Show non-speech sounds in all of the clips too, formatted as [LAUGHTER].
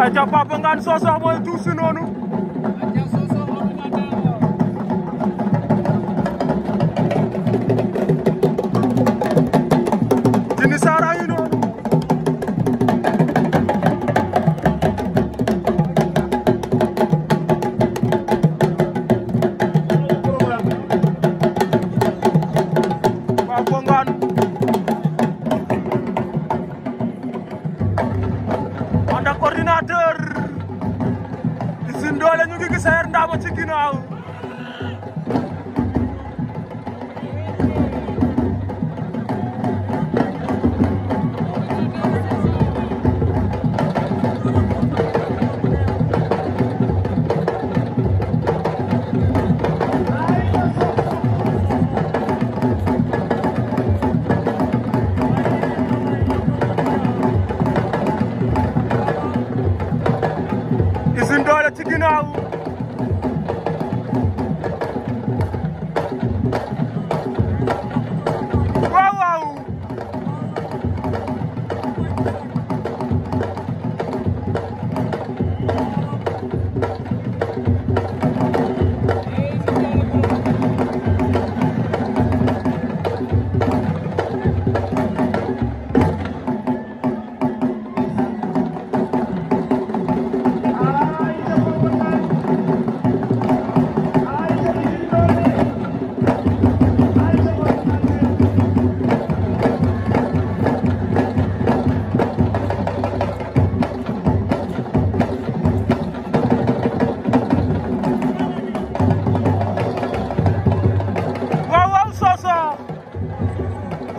aca Papa Ngane Sossox mooy tuusi noonu Jini Sarr Saër Ndama ci ginnaaw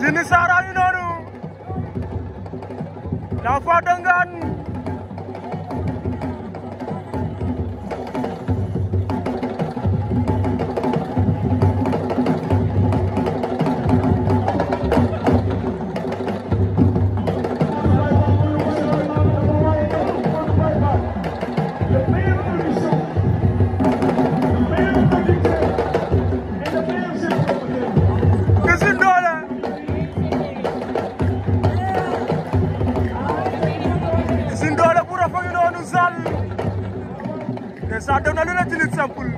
Dini Sara ñu noonu la fa dëngaan dèjà dem na lu ne ci lutte simple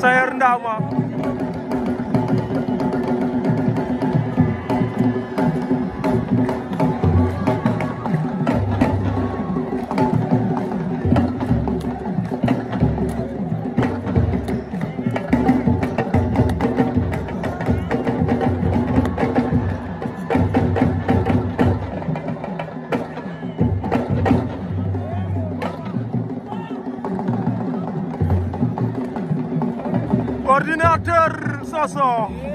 Sayer Ndama koordinator Soso.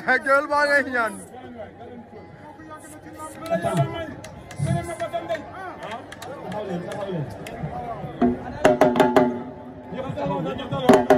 géwél [LAUGHS] baa ngay ñaan Thank you.